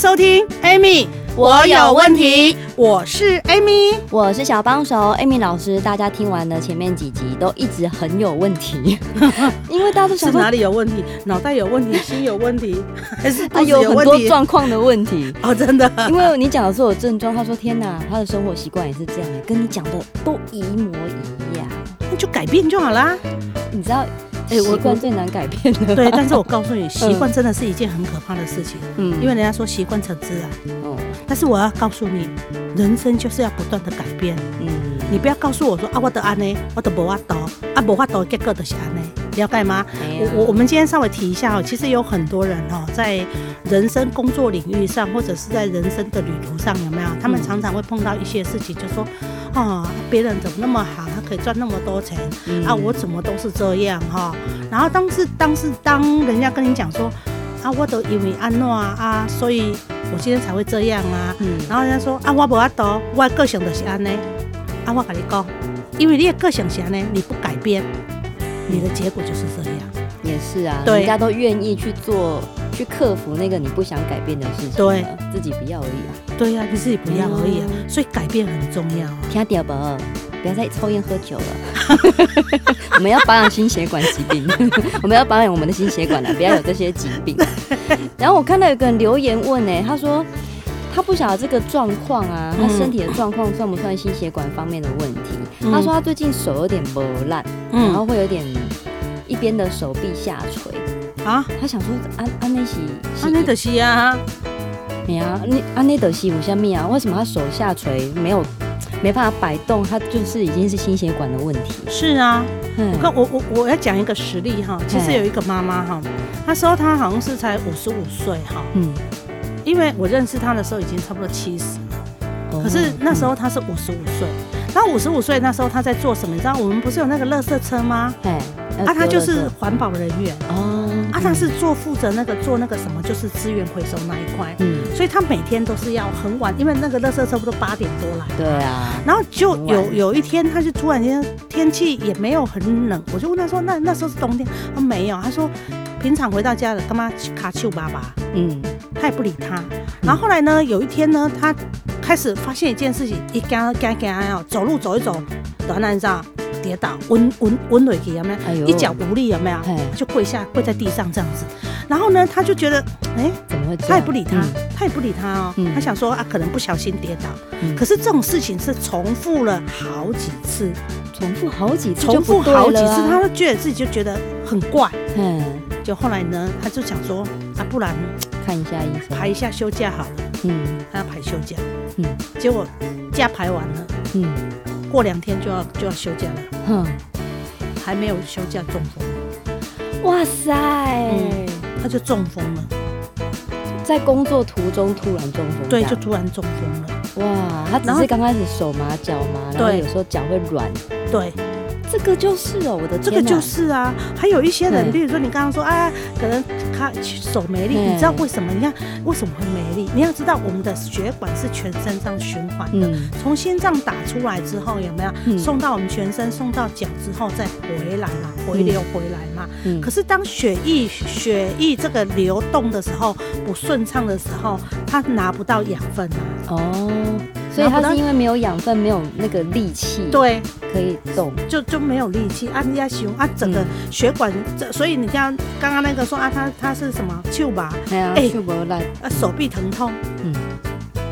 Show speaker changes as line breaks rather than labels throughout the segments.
收聽 Amy，我有問題。我是 Amy，我是小幫手 Amy 老師。大家聽完的前面幾集都一直很有問題， 因為大家都想說哪裡有問題，腦袋有問題， 心有問題，還、欸、是有、問題，他有很多狀況的問題。 哦，真的，因為你講的所有症狀，他說，天哪，他的生活習慣也是這樣，跟你講的都一模一樣，那就改變就好啦。嗯、你知道？哎，習慣、欸、最難改變的、啊。對，但是我告訴你，習慣
真的是一件很可怕的事情。嗯，因為人家說習慣成自然、啊。哦、嗯。
但是我要告
訴你，人生就是要不斷的改變。嗯。你不要告訴我說啊，我的安呢，我的無啊，島，啊，無阿多結果就是安呢，你要幹嘛？啊、我我我們今天稍微提一下哦，其實有很多人哦，在人生工作領域上，或者是在人生的旅途上，有沒有？他們常常會碰到一些事情，就是、說，啊、哦，別人怎麼那麼好？可以賺那麼多錢、嗯、啊！我怎麼都是這樣哈？然後當時，當時，當人家跟你講說啊，我都因為安諾啊，所以我今天才會這樣啊。嗯、然後人家說啊，我不要多，我的個性就是安呢。啊，我跟你講，嗯、因為你的個性是安呢，你不改變，嗯、你的結果就是這樣。
也是啊，對人家都願意去做，去克服那個你不想改變的事情。對，自己不要而已啊。對呀、啊，你自己不要而已啊。嗯、所以改變很重要、啊。聽到不？不要再抽煙喝酒了，我們要保養心血管疾病，我們要保養我們的心血管了，不要有這些疾病。然後我看到有個人留言問誒，他說他不曉得這個狀況啊，他身體的狀況算不算心血管方面的問題？他說他最近手有點破爛，然後會有點一邊的手臂下垂啊。他想說安安內起安內得西啊，你啊？你安內德西有蝦米啊？為什麼他手下垂沒有？沒辦法擺動，他就是已經是心血管的問題。
是啊，我跟我我,我要講一個實例哈，其實有一個媽媽哈，那時候她好像是才五十五歲哈，嗯，因為我認識她的時候已經差不多七十了，可是那時候她是五十五歲，那五十五歲那時候她在做什麼？你知道我們不是有那個垃圾車嗎？對。啊，他就是環保人員哦。啊，他是做負責那個做那個什麼，就是資源回收那一塊。嗯。所以他每天都是要很晚，因為那個垃圾車差不多八點多來。對啊。然後就有有，有一天，他就突然間天氣也沒有很冷，我就問他說：“那那時候是冬天？”他沒有。他說：“平常回到家了，幹嘛卡丘巴巴。”嗯。他也不理他。嗯。然後後來呢，有一天呢，他開始發現一件事情，一干干干啊，走路走一走，突然間。跌倒，溫溫溫暖，有沒有？一腳無力，有沒有？就跪下，跪在地上這樣子。然後呢，他就覺得，哎，怎麼會？他也不理他，他也不理他哦。他想說啊，可能不小心跌倒。嗯。可是這種事情是重複了好幾次，重複好幾次，重複好幾次，他都覺得自己就覺得很怪。嗯。就後來呢，他就想說啊，不然看一下醫生，排一下休假好了。嗯。他要排休假。嗯。結果，假排完了。嗯。過兩天就要就要休假了，哼，還沒有休假中風。哇塞、嗯，他就中
風了，在工作途中突然中風。對，就突然中風了。哇，他只是剛開始手麻腳麻，然後，然後有時候腳會軟，對。這個
就是哦、喔，我的這個就是啊，還有一些人，比對 如說，你剛剛說，啊，可能他手沒力，對 你知道為什麼？你看為什麼會沒力？你要知道我們的血管是全身上循環的，從、嗯、心臟打出來之後有沒有送到我們全身，送到腳之後再回來嘛，回流回來嘛。嗯、可是當血液血液這個流動的時候不順暢的時候，它拿不到養分啊。哦。所以他是因為
沒有養分，沒有那個力氣，對，可以動，就就沒有
力氣啊！你再使用啊，整個血管，所以你像剛剛那個說啊，他他是什麼？氣短，哎，氣無力，呃，手臂疼痛，嗯，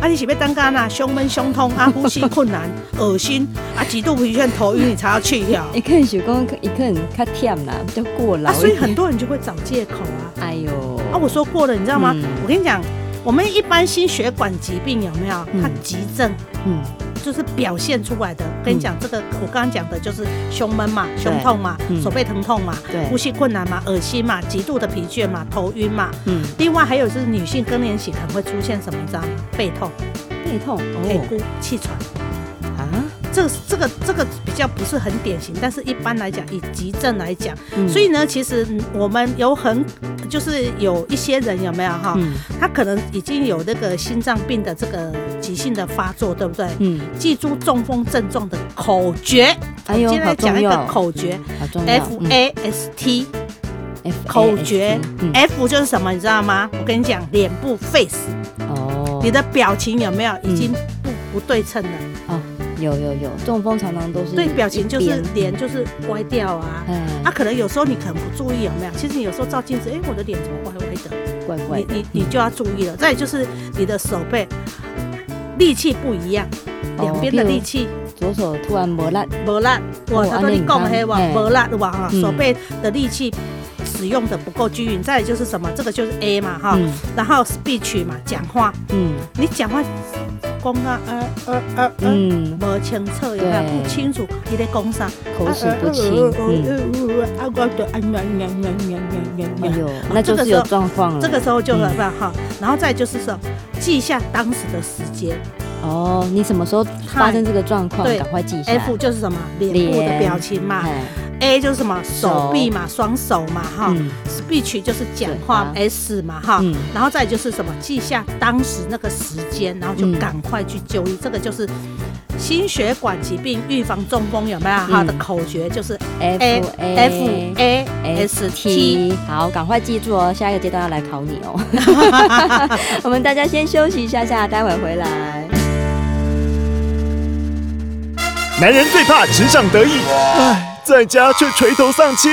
啊，你是不是剛剛吶胸悶、胸痛啊？呼吸困難、噁心啊？極度疲倦、頭暈，你才要去掉。一個人血供，一個人他甜啦，就過勞。所以很多人就會找借口啊！哎呦，啊，我說過了，你知道嗎？我跟你講。我們一般心血管疾病有沒有？它急症，嗯，就是表現出來的。嗯、跟你講，這個我剛剛講的就是胸悶嘛，胸痛嘛，對手背疼痛嘛，對，呼吸困難嘛，噁心嘛，極度的疲倦嘛，頭暈嘛，嗯，另外還有就是女性更年期可能會出現什麼？你知道背痛，背痛，暈、哦、氣、欸、喘。這個這個比較不是很典型，但是一般來講以急症來講，所以呢，其實我們有很就是有一些人有沒有哈，他可能已經有那個心臟病的這個急性的發作，對不對？嗯，記住中風症狀的口訣，現在講一個口訣，F A S T 口訣，F 就是什麼你知道嗎？我跟你講，臉部 face，哦，你的表情有沒有已經不不對稱了？
有有有，中風常常都是對，表情就是臉就是
歪掉啊，嗯，嗯嗯嗯嗯嗯啊，可能有時候你可能不注意有沒有，其實你有時候照鏡子，哎、欸，我的臉怎麼歪歪的？怪怪的你你、嗯、你就要注意了。再就是你的手背力氣不一樣，兩邊的力氣、哦，左手突然無力，無力、哦、我他說你講黑，無力的話哈，手背的力氣使用的不夠均勻。再就是什麼，這個就是 A 嘛哈，嗯、然後 speech 嘛，講話，嗯，你講話。講到呃呃呃呃，嗯，不清楚，有沒有不清楚你得工啥，口齒不清。嗯，啊，我就啊軟軟軟軟軟軟。那就是有狀況了。這個時候就沒辦法。哈，然後再就是說，記一下當時的時間。
哦，你什麼時候發生這個狀況？對，趕快記下來。F 就
是什麼？臉部的表情嘛。A 就是什麼手臂嘛，雙手嘛，哈 Speech 就是講話，S 嘛，哈，然後再就是什麼記下當時那個時間，然後就趕快去就醫，這個就是心血管疾病預防中風有沒有？它的口訣就是
F A F A S T，好，趕快記住哦、喔，下一個階段要來考你哦、喔。我們大家先休息一下下，待會回來。男人最怕紙上得意，在家卻垂頭喪氣，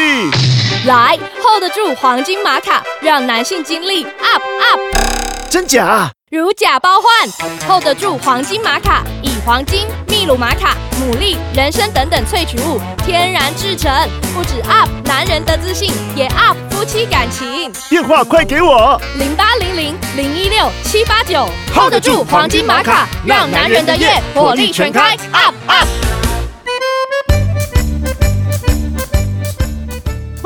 來 hold 得住黃金瑪卡，讓男性精力 up up。真假？如假包換，hold 得住黃金瑪卡，以黃金、祕魯瑪卡、牡蠣、人參等等萃取物天然製成，不止 up 男人的自信，也 up 夫妻感情。電話快給我，零八零零零一六七八九。89, hold 得住黃金瑪卡，讓男人的夜火力全開，up up。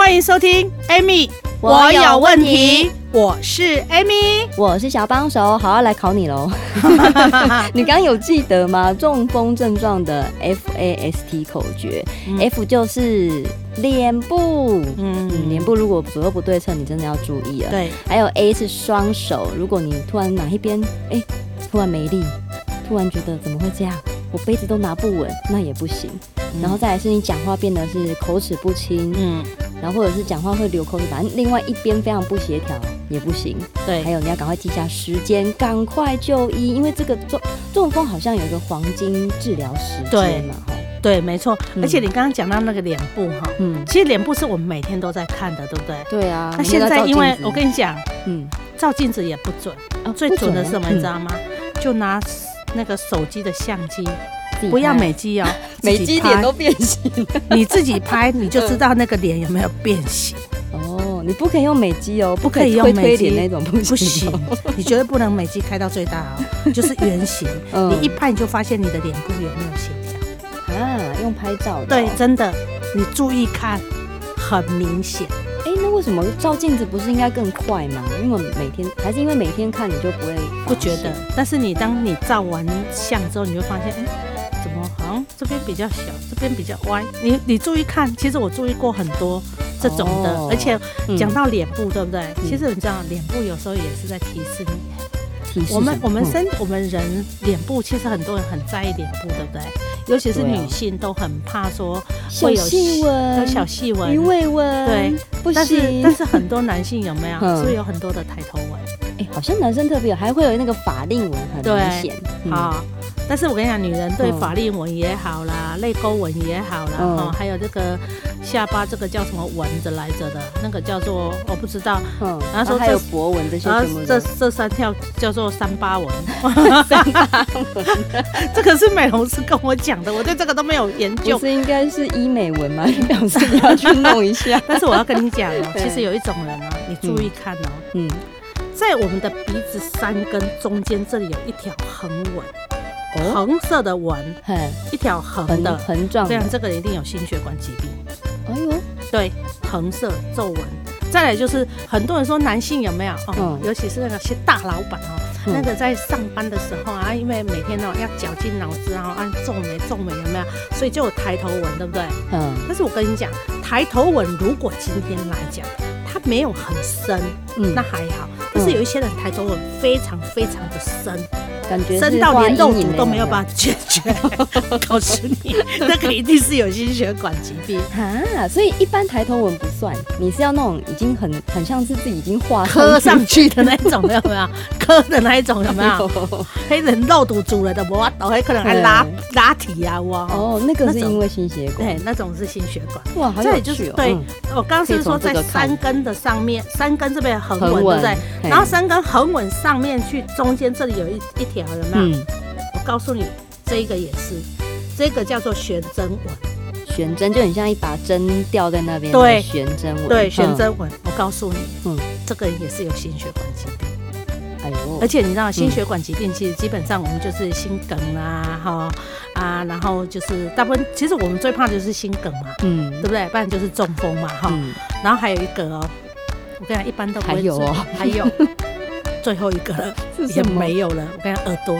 歡迎收聽，Amy，我，我有問題，我是 Amy，我是小幫手，好，要來考你嘍。 你剛剛有記得嗎？中風症狀的 FAST 口訣、嗯、F 就是臉部，嗯，臉、嗯、部如果左右不對稱，你真的要注意啊。對，還有 A 是雙手，如果你突然哪一邊、欸，突然沒力，突然覺得怎麼會這樣？我杯子都拿不穩，那也不行。嗯、然後再來是你講話變得是口齒不清，嗯。然後或者是講話會流口水，反正另外一邊非常不協調也不行。對，還有你要趕快記下時間，趕快就醫，因為這個中中風好像有一個黃金治療時間嘛，對，對，沒錯。嗯、而且你剛剛講到那個臉部，
哈，嗯，其實臉部是我們每天都在看的，對不對？
對啊、嗯。那現在因為我跟你
講，嗯，照鏡子也不準，啊、最準的是什麼、啊、你知道嗎？嗯、就拿那個手機的相機。不要美肌哦、喔，美肌臉都變形。自 你自己拍， 你就知道那個臉有沒有變形。哦、嗯，你不可以用美肌哦、喔，不可以用美肌。推臉那種不行、喔、不行，你絕對不能美肌開到最大
哦、喔， 就是圓形。嗯、你一拍
你就發現你的臉部有沒有線條？
啊，用拍照的、喔。對，真
的。你注意看，很明顯。哎、欸，那為什麼照鏡子不是應該更快嗎？因為每天還是因為每天看你就不會不覺得，但是你當你照完相之後你就發現，哎、欸。這邊比較小，這邊比較歪。你你注意看，其實我注意過很多這種的。而且講到臉部，對不對？其實你知道，臉部有時候也是在提示你。提示。
我們我們身
我們人臉部，其實很多人很在意臉部，對不對？尤其是女性都很怕說會有小細紋、魚尾紋。對，但是但是很
多男性有沒有？所以有
很多的抬頭紋？
欸，好像男生特別有，還會有那個法令紋很明顯啊。
但是我跟你講，女人對法令紋也好啦，淚溝紋也好啦，哦、嗯，還有這個下巴，這個叫什麼紋子來着的？那個叫做我不知道。嗯，然後說還有脖紋這些什麼這？這這三條叫做三八紋。 三八文 這可是美容師跟我講的，我對這個都沒有研究。是
應該是醫美紋嗎？美容師要去弄一下。但是我要跟你講哦、喔，對其實有一種人啊、喔，你注意看哦、喔嗯，嗯，
在我們的鼻子山根中間這裡有一條橫紋。紅色的紋，哦、一條橫的橫狀，橫橫這樣這個人一定有心血管疾病。哎、哦、呦，對，橫色皺紋。再來就是很多人說男性有沒有哦，嗯、尤其是那個些大老板哦，嗯、那個在上班的時候啊，因為每天哦要絞盡腦汁啊，然後按皺、啊、眉皺眉有沒有？所以就有抬頭紋，對不對？嗯。但是我跟你講，抬頭紋如果今天來講，它沒有很深，嗯、那還好。但是有一些人抬頭紋非常非常的深，感覺深到連肉毒都沒有辦法解決。告訴你，那個一定是有心血管疾
病啊！所以一般抬頭紋不算，你是要那種已經很很像是自己已經畫磕上去的那種沒有沒有？磕的那一種有沒有？肉能肉毒的。入不哇
到，還可能還拉拉提啊哇！哦，那個是因為心血管。對，那種是心血管。哇，好有趣哦。這裡就是對，我剛剛是說在山根的上面，山根這邊橫紋，對？然後三根橫紋上面去，中間這裡有一一條，的那、
嗯、
我告訴你，這個也是，這個叫做懸針紋。
懸針就很像一把針掉在那邊。對，懸針紋。對，懸針
紋。我告訴你，嗯，這個也是有心血管疾病。
哎呦。而且你知道，心血管疾
病其實基本上我們就是心梗啊，哈啊，然後就是大部分，其實我們最怕的就是心梗嘛，嗯，對不對？不然就是中風嘛，哈。嗯、然後還有一個、哦。我跟你講，一般都還有還有，最後一個了，已經沒有了。我跟你講，耳朵，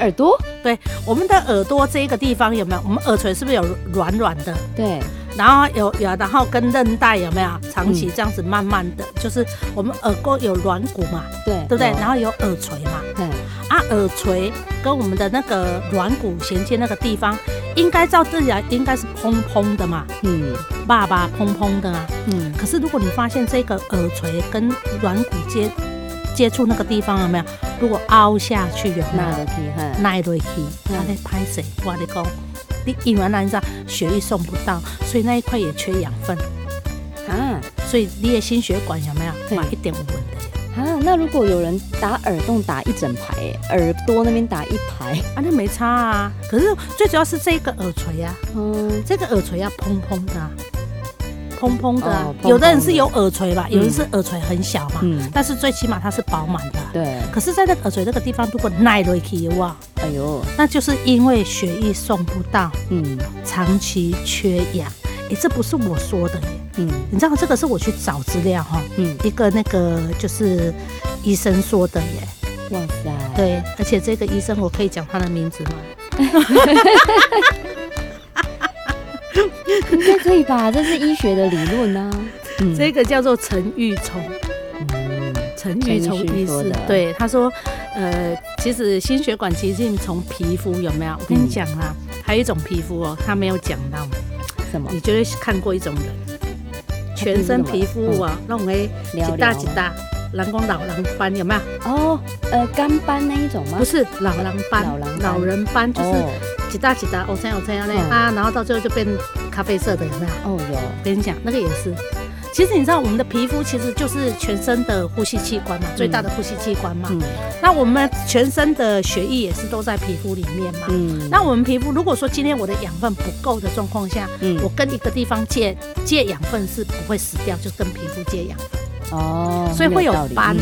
耳朵，對，我們的耳朵這個地方有沒有？我們耳垂是不是有軟軟的？
對。
然後有有，然後跟韌帶有沒有？長期這樣子，慢慢的就是我們耳溝有軟骨嘛？對，對不對？然後有耳垂嘛？對。啊，耳垂跟我們的那個軟骨銜接那個地方，應該照自己來，應該是砰砰的嘛？嗯。爸爸砰砰的啊，嗯，可是如果你發現這個耳垂跟軟骨接接觸那個地方有沒有？如果凹下去有，有，那一堆，那一堆，它在拍水，話、嗯、你講，你因為那一只血液送不到，所以那一塊也缺氧分啊，所以你的心血管有沒有慢對一點穩穩的？
啊，那如果有人打耳洞打一整排，耳朵那邊打一排，啊，那沒差
啊，可是最主要是這個耳垂啊，嗯，這個耳垂要砰砰的、啊。蓬蓬的、啊，有的人是有耳垂吧，有的是耳垂很小嘛，嗯，但是最起碼它是飽滿的，對。可是，在那個耳垂那個地方，如果耐瑞克的話，哎呦，那就是因為血液送不到，嗯，長期缺氧，哎，這不是我說的耶，嗯，你知道這個是我去找資料哈，嗯，一個那個就是醫生說的耶，哇塞，對，而且這個醫生我可以講他的名字嗎？ 應該 可以吧？這是醫學的理論呢、啊。嗯、這個叫做陳玉聰，陳玉聰醫師對他說：“呃，其實心血管疾病從皮膚有沒有？我跟你講啦，嗯、還有一種皮膚哦、喔，他沒有講到什麼？你絕對是看過一種人，膚全身皮膚啊那種誒，幾大幾大，藍光老狼斑有沒有？哦，呃，干斑那一種嗎？不是老狼斑，老人斑就是、哦。”幾大幾大，我這樣這樣嘞，啊，然後到最後就變咖啡色的，有沒有？哦，有，跟你講那個也是。其實你知道我們的皮膚其實就是全身的呼吸器官嘛，嗯、最大的呼吸器官嘛。嗯、那我們全身的血液也是都在皮膚裡面嘛。嗯。那我們皮膚如果說今天我的養分不夠的狀況下，嗯、我跟一個地方借借養分是不會死掉，就跟皮膚借養
分。哦。所以會有斑。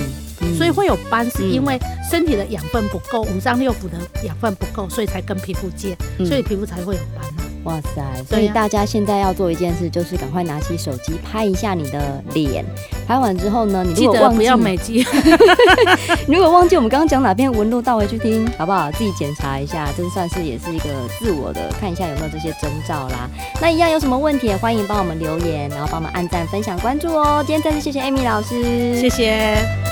所以會有
斑，是因為身體的養分不夠，嗯、五臟六腑的養分不夠，所以才跟皮膚借。嗯、所以皮膚才會有斑。
哇塞！所以大家現在要做一件事，啊、就是趕快拿起手機拍一下你的臉。拍完之後呢，你如果忘記，記得不要美肌。 如果忘記我們剛剛講哪邊紋路，倒回去聽，好不好？自己檢查一下，真算是也是一個自我的，看一下有沒有這些徵兆啦。那一樣有什麼問題，歡迎幫我們留言，然後幫忙按讚、分享、關注哦、喔。今天再次謝謝艾米老師，謝謝。